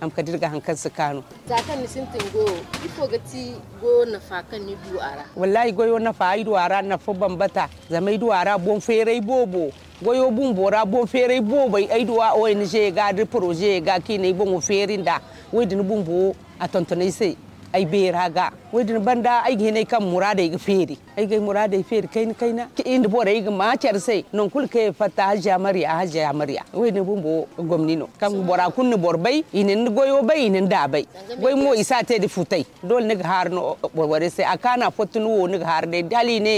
amka dirga hankan su kano za kan ni sintin go ifo gati go na fa kan ni duwara. wallahi goyo na fa ai duwara na fo bambata zamai duwara bon ferei bobo goyo bun bora bon ferei bobo ai duwa o ni je ga de projet ga ki ne bon ferin da wai din bun bo a tontonai sai ay beera ga wadin banda ay hinai kan murada ga feri ay ga murada feri kaina kaina inda bora ga macar sai non kul kai fatta hajja mariya hajja mariya wadin bumbo gomnino kam bora bor bay inen goyo bay inen da bay goy mo isa te de futai dol ni har no borware sai akana fotunu wo ne har de dali ne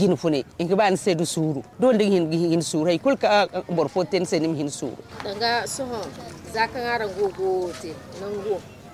ginfune in ga ban sai du suru dol de hin hin surai kul ka eh, borfoten sai nim hin suru daga soho zakan aran gogo te non go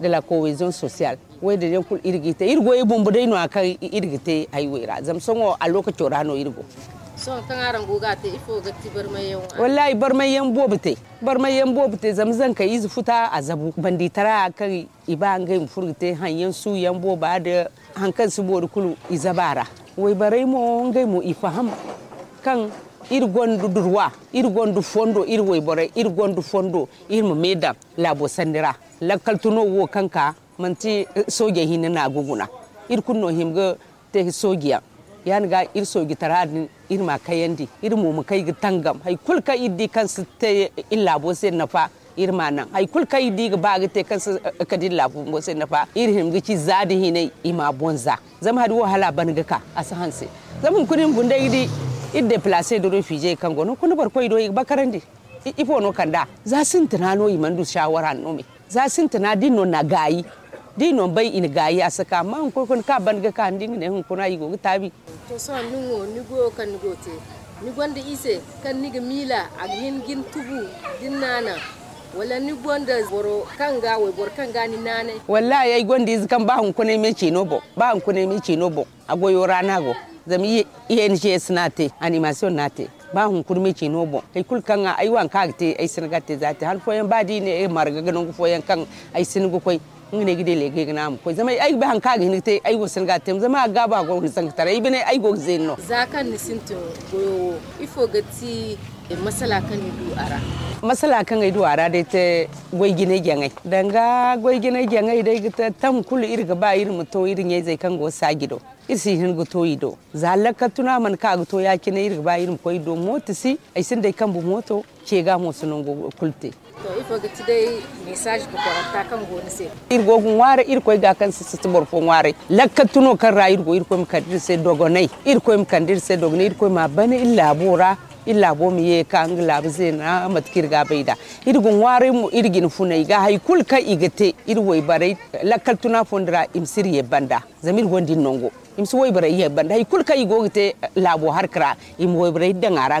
de la cohésion sociale wai da kul irgite irgo e bombo dai no aka irgite ai wera zam songo a lokaci rano irgo so kan aran guga te ifo ga tibar mai yan wallahi bar mai yan bobte bar mai yan bobte zam zan ka izu futa a zabu banditara kan iba ngai furgite hanyen su yan boba da hankan su bodu kulu izabara wai bare mo ngai mo ifaham kan ir gondu Irgondu ir gondu fondo ir bore ir gondu fondo irmo meda labo sandira lakkal wo kanka manti eh, soje hinne na guguna ir kunno himga te sogiya yan ga ir sogi taradin irma kayendi kayandi ir mu kai tangam hay kulka iddi kan te eh, illa bo sen nan hay kulka iddi ga baga te kan eh, kadin labu bo sen ir himga ci zadi hinai ima bonza zamadu hadu wahala ban ka zamun kunin idda place do refugee kan gono kunu bar koy do bakarande ifo no kanda za sin yi mandu shawara no me za sin tina no na gayi no bai in gayi a saka ma ko kun ka ban ga kan din ne hun kuna yi go tabi to so nun wo ni go kan go te ni gonda ise kan ni ga mila a gin gin tubu din nana wala ni gonda boro kan ga wai bor kan ga ni nana wallahi ai gonda iz kan ba hun ne me ce no bo ba hun kuna me ce no bo a goyo rana go zami eng suna te animation na te ba hun kurmi ci no bon kai kul kan ai ka te ai singa te zati har foyan badi ne ai eh, marga ganon foyan kan ai singo koi ne gidi le ge gna am ko zama ai ba hanka kage ni te ai go singa tem zama ga ba go ni sang tare ibine ai go zen no zakan ni sinto go ifo gati e, masala kan ni e duara ara masala kan ai e duara ara dai te goy gine gengai danga goy gine gengai dai ta tam kul irga ba irin muto irin yayi zai kan go gido isi hin go to ido zalaka tuna man ka go to yakine irga ba mu ko ido motisi ai sin dai kan bu moto ke ga mo sunan go kulte Il ifo today message bu koranta kan goni se irgo gun ware irko ga kan sisi bor Il ware lakka tuno irgo mi kadir se dogonai irko mi kadir se dogonai ma bane illa bora il la ye ka ang na mu irgin funai ga hay igate irwoi bare fondra ye banda zamir gondi nongo imsi bare banda hay kul ka igogite labo harkra imwoi bare dangara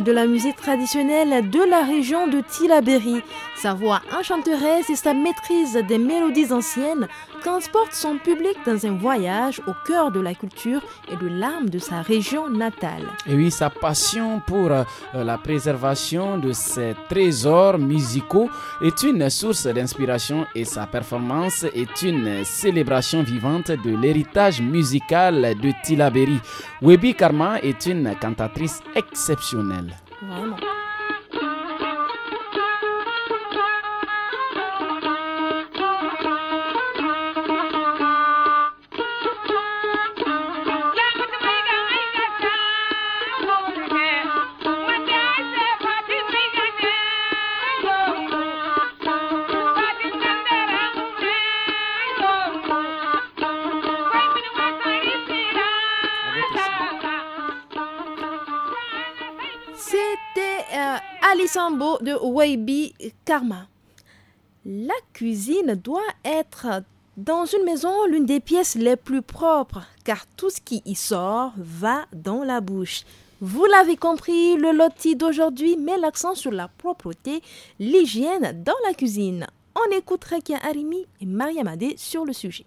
de la musique traditionnelle de la région de Tillabéri. Sa voix enchanteresse et sa maîtrise des mélodies anciennes transportent son public dans un voyage au cœur de la culture et de l'âme de sa région natale. Et oui, sa passion pour euh, la préservation de ses trésors musicaux est une source d'inspiration et sa performance est une célébration vivante de l'héritage musical de Tilaberi. Webi Karma est une cantatrice exceptionnelle. Vraiment. Ali de Weibi Karma. La cuisine doit être dans une maison l'une des pièces les plus propres, car tout ce qui y sort va dans la bouche. Vous l'avez compris, le loti d'aujourd'hui met l'accent sur la propreté, l'hygiène dans la cuisine. On écoute Rekia Arimi et Mariamade sur le sujet.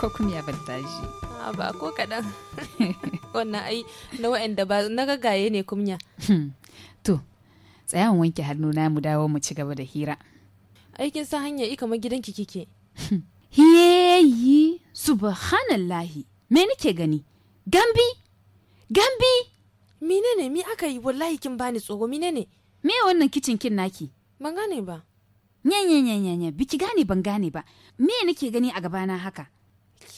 ko kuma ya banta shi ba ko kaɗan wannan ai na wa'anda ba na gagaye ne kumya hmm. to tsayawan wanke hannu na mu dawo mu ci gaba da hira aikin sa hanya i kamar gidanki kike hmm. hiyeyi subhanallahi me nake gani gambi gambi mine ne mi aka yi wallahi kin bani tsoro mine ne me wannan kicin kin naki ban gane ba nyanya nyanya biki gane ban gane ba me nake gani a gabana haka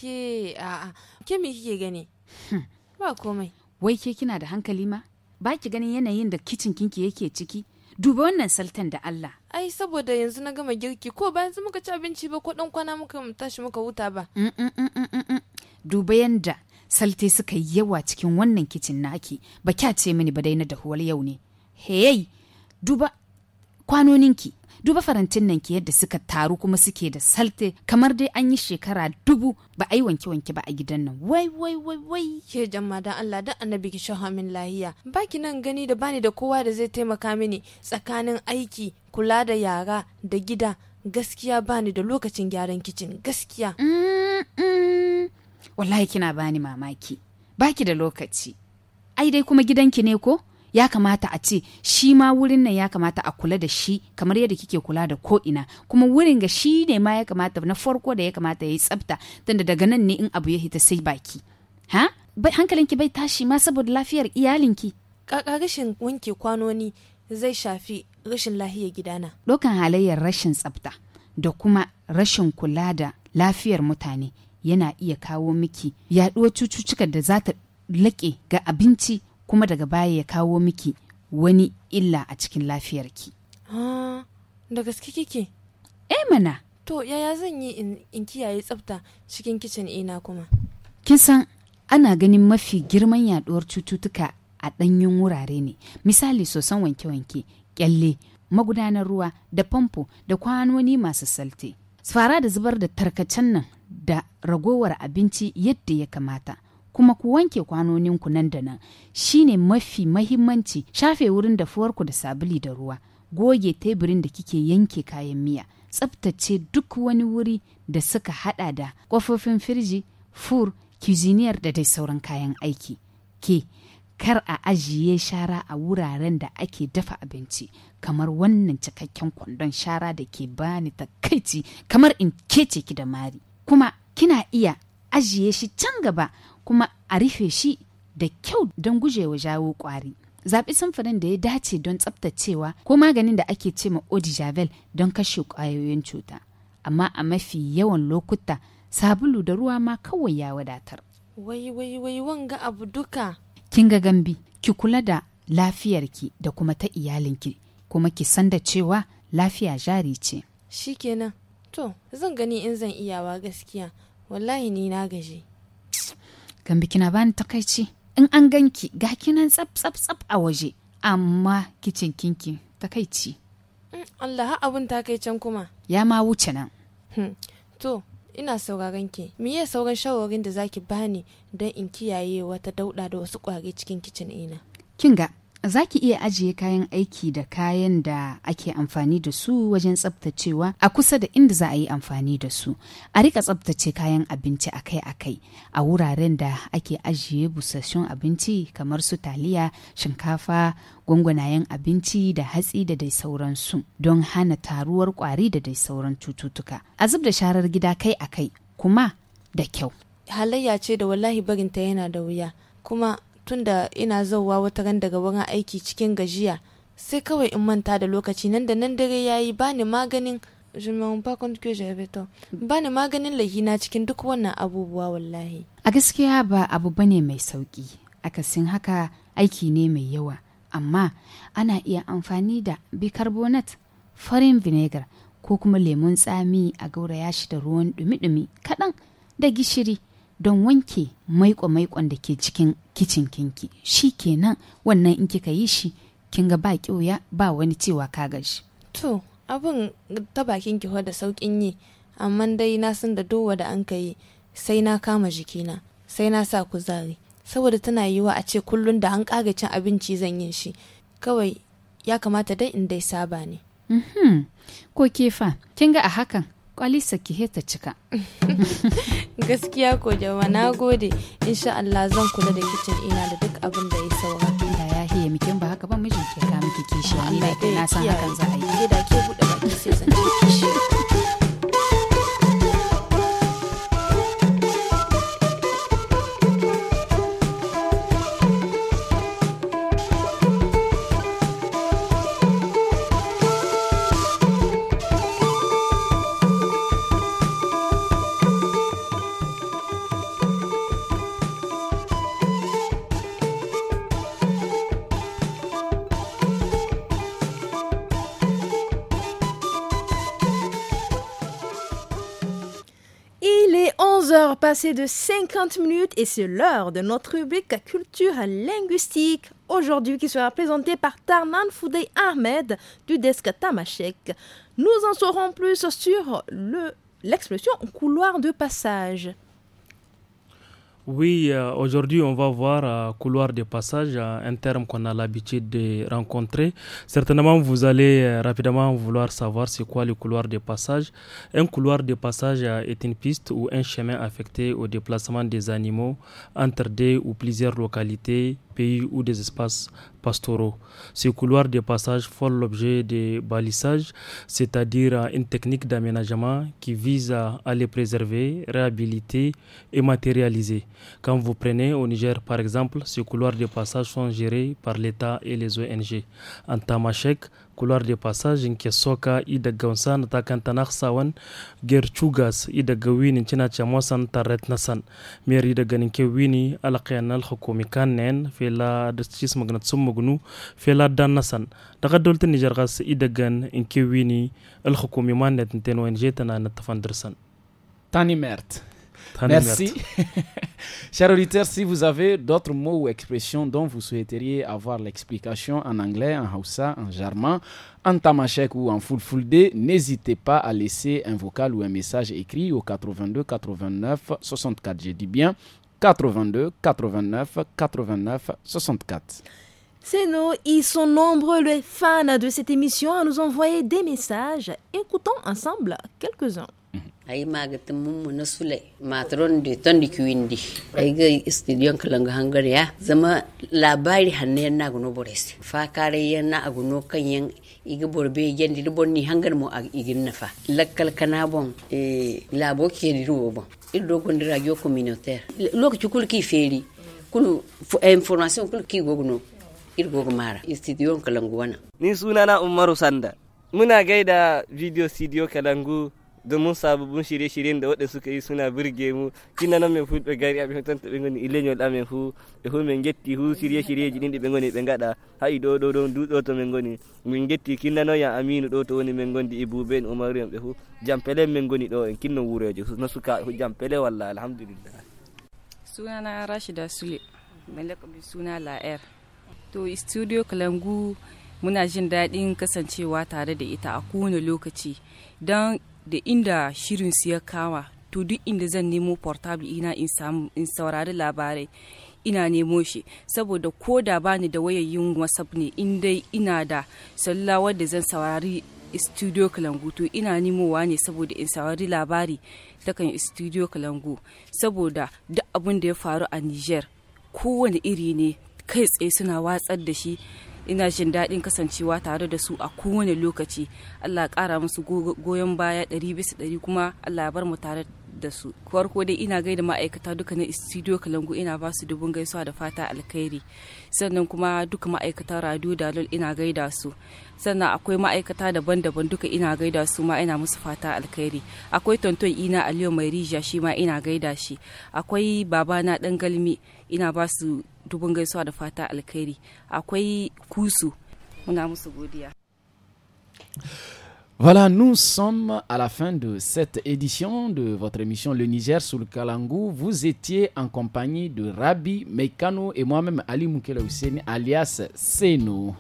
ke a ke me kike gani hmm. ba komai wai ke kina da hankali ma ba ki ganin yanayin da kicin kinki yake ciki duba wannan saltan da Allah ai saboda yanzu na gama girki ko ba yanzu muka ci abinci ba ko dan kwana muka tashi muka huta ba mm, mm, mm, duba yanda salte suka yi yawa cikin wannan kicin naki ba kya ce mini ba dai na dahuwar yau ne heyai duba kwanonin ki duba farantin nan ki yadda suka taru kuma suke da salte kamar dai an yi shekara dubu ba a yi wanke wanke ba a gidan nan wai wai wai wai ke jama da Allah da annabi ki shaha min lahiya baki nan gani da bani da kowa da zai taimaka mini tsakanin aiki kula da yara da gida gaskiya bani da lokacin gyaran kicin gaskiya wallahi kina bani mamaki baki da lokaci ai dai kuma gidanki ne ko ya kamata a ce shi ma wurin nan ya kamata a kula da shi kamar yadda kike kula da ko ina kuma wurin ga shi ne ma ya kamata na farko da ya kamata ya yi tsafta tunda daga nan ne in abu ya hita sai baki ha bai hankalinki bai tashi ma saboda lafiyar iyalinki kaka rashin wanke kwanoni zai shafi rashin lahiyar gidana dokan halayyar rashin tsafta da kuma rashin kula da lafiyar mutane yana iya kawo miki yaɗuwar cututtukan da za ta laƙe ga abinci kuma daga baya ya kawo miki wani illa a cikin lafiyarki. Ah, da gaske kike? Eh mana. To yaya zan yi in, kiyaye tsafta cikin kicin ina kuma? Kin san ana ganin mafi girman yaduwar cututtuka a ɗanyen wurare ne. Misali sosan wanke-wanke, kyalle, magudanar ruwa da famfo da kwanoni masu salte. Fara da zubar da tarkacen nan da ragowar abinci yadda ya kamata. kuma ku wanke kwanoninku nan da nan shine mafi mahimmanci shafe wurin dafuwarku da sabuli da ruwa goge teburin da kike yanke kayan miya tsaftace duk wani wuri da suka hada da kofofin firji fur kiziniyar da dai sauran kayan aiki ke kar a ajiye shara a wuraren da ake dafa abinci kamar wannan cikakken kwandon shara da ke bani takaici kamar in kece ki da mari kuma kina iya ajiye shi can gaba kuma a rufe shi da kyau don gujewa jawo kwari. zaɓi samfurin da ya dace don tsaftacewa ko maganin da ake ce ma odijavel don kashe ƙwayoyin cuta amma a mafi yawan lokuta sabulu da ruwa ma kawai ya wadatar wai wai wai wanga abu duka kin ga gambi ki kula da lafiyarki da kuma ta iyalinki kuma ki san da cewa lafiya jari ce shikenan to zan gani in zan iyawa gaskiya wallahi ni na gaji biki na bani takaici in an ganki ga kinan tsab tsab tsab a waje amma kicin kinki takaici. Mm, Allah abun takaicen kuma. Ya ma wuce nan. Hmm, to, ina sauraron ki miye sauran shawarin da zaki bani don in kiyaye wata dauɗa da wasu kwari cikin kicin ina kin ga Za ki iya ajiye kayan aiki da kayan da ake amfani da su wajen tsabtacewa a kusa da inda za a yi amfani da su. A rika tsabtace kayan abinci akai-akai a wuraren da ake ajiye busassun abinci kamar su taliya, shinkafa, gwangwanayen abinci da hatsi da dai sauransu don hana taruwar kwari da dai sauran cututtuka. A zub da sharar gida kai-akai kuma da kyau. Halayya ce da wallahi barinta yana da wuya kuma tunda ina zauwa wata ran daga wurin aiki cikin gajiya sai kawai in manta da lokaci nan da nan dare yayi bani maganin bani maganin lahina cikin duk wannan abubuwa wallahi a gaskiya ba abu bane mai sauki akasin haka aiki ne mai yawa amma ana iya amfani da bicarbonate farin vinegar ko kuma lemon tsami a gauraya shi da ruwan dumi-dumi kaɗan da gishiri don wanke maiko-maikon da ke cikin kicin kinki shi kenan wannan in kika yi shi kin ga ba kyoya ba wani cewa ka gashi. to abin ta bakin ki da sauƙin yi amma dai na san da dowa da an ka yi sai na kama jikina sai na sa kuzari saboda tana yiwa a ce kullum da an kaga cin abinci zan yin shi kawai ya kamata dai in dai saba ne. Mhm. ko kefa kin ga a hakan kwalisa ki heta cika gaskiya ko jama na gode insha Allah zan kula da kicin ina da duk abin da ya saura da ya hiye mikin ba haka ba mijin ke ka miki kishi ni da na san hakan za a yi da ke bude baki sai zan kishi passé de 50 minutes et c'est l'heure de notre rubrique culture linguistique aujourd'hui qui sera présentée par Tarnan Foudey Ahmed du desk Tamashek. Nous en saurons plus sur l'expression le, couloir de passage. Oui, euh, aujourd'hui, on va voir euh, couloir de passage, euh, un terme qu'on a l'habitude de rencontrer. Certainement, vous allez rapidement vouloir savoir c'est quoi le couloir de passage. Un couloir de passage est une piste ou un chemin affecté au déplacement des animaux entre deux ou plusieurs localités pays ou des espaces pastoraux. Ces couloirs de passage font l'objet des balissages, c'est-à-dire une technique d'aménagement qui vise à, les préserver, réhabiliter et matérialiser. Quand vous prenez au Niger, par exemple, ces couloirs de passage sont gérés par l'État et les ONG. En Tamashek, couloir de passage nke soka i daga wansan ta kan tanax sawan ger chugas i daga wini china chamosan taret nasan mer i daga ninke wini ala al hukumi kanen fela dstis magnat sum magnu fela dan nasan daga dolta niger gas i dagan inke wini al hukumi man net ten wen jetana na tafandersan tani mert Merci. Chers auditeurs, si vous avez d'autres mots ou expressions dont vous souhaiteriez avoir l'explication en anglais, en haussa, en germain, en tamashek ou en fulfulde, n'hésitez pas à laisser un vocal ou un message écrit au 82 89 64. J'ai dit bien 82 89 89 64. C'est nous, ils sont nombreux les fans de cette émission à nous envoyer des messages. Écoutons ensemble quelques-uns. ay magatin mummu na sule matron de ton de. kiwindi ai ga studio kalanga hangar ya zama labari hanne na guno bores fa kare yana agono kan yan iga borbe yende de bonni hangar mo ag igin nafa lakkal kana bon e labo ke di ruwo bon ido gondi radio communautaire lokaci kul ki feri kul eh, information kul ki gogno irgo gogmara studio kalangu wana ni sunana umaru sanda muna gaida video studio kalangu domin sababbin shirye-shiryen da waɗanda suka yi suna birge mu kina nan mai fuɗe gari a bisan taɓe bengoni ile yau da mai fu e hu men getti hu shirye-shirye jini ɗe ngoni ɓe gaɗa hayi ɗo ɗo ɗon duɗo to men ngoni min getti kinna no ya aminu ɗo to woni men gondi ibube en umaru en ɓe fu jampele men ngoni ɗo en kinno wuroje na suka pele walla alhamdulillah na rashida sule mai bi suna la'er to studio kalangu muna jin daɗin kasancewa tare da ita a kowane lokaci don da inda shirin su ya kama to duk inda zan nemo portable ina in in saurari labarai ina nemo shi saboda ko da bani da wayayyun whatsapp ne in dai ina da sallah wadda zan saurari studio kalangu to ina nemowa ne saboda in saurari labari ta kan studio kalangu saboda duk abin da ya faru a niger kowane iri ne kai tsaye suna watsar da shi ina jin daɗin kasancewa tare da su a kowane lokaci allah ƙara musu goyon baya ɗari bisa ɗari kuma allah bar mu tare da su farko dai ina gaida ma'aikata duka na studio kalangu ina ba su dubun gaisuwa da fata alkhairi sannan kuma duka ma'aikata radio dalol ina gaida su sannan akwai ma'aikata daban-daban duka ina gaida su ma ina musu fata alkhairi akwai tonton ina aliyu mai rija shi ma ina gaida shi akwai babana ɗan galmi Voilà, nous sommes à la fin de cette édition de votre émission Le Niger sous le Kalangou. Vous étiez en compagnie de Rabi Meikano et moi-même Ali Moukela alias Seno.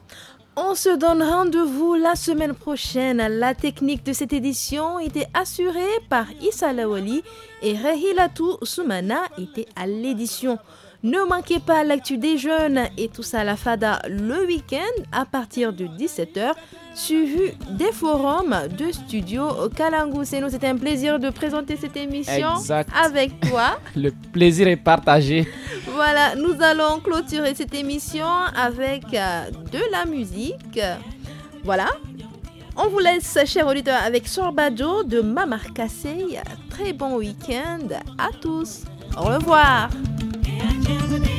On se donne rendez-vous la semaine prochaine. La technique de cette édition était assurée par Issa Lawali et Rahilatou Soumana était à l'édition. Ne manquez pas l'actu des jeunes et tout ça à la fada le week-end à partir de 17h, suivi des forums de studio Kalangu. C'est nous, c'était un plaisir de présenter cette émission avec toi. le plaisir est partagé. Voilà, nous allons clôturer cette émission avec euh, de la musique. Voilà, on vous laisse, chers auditeurs, avec Sorbado de Mamar Très bon week-end à tous. Au revoir. till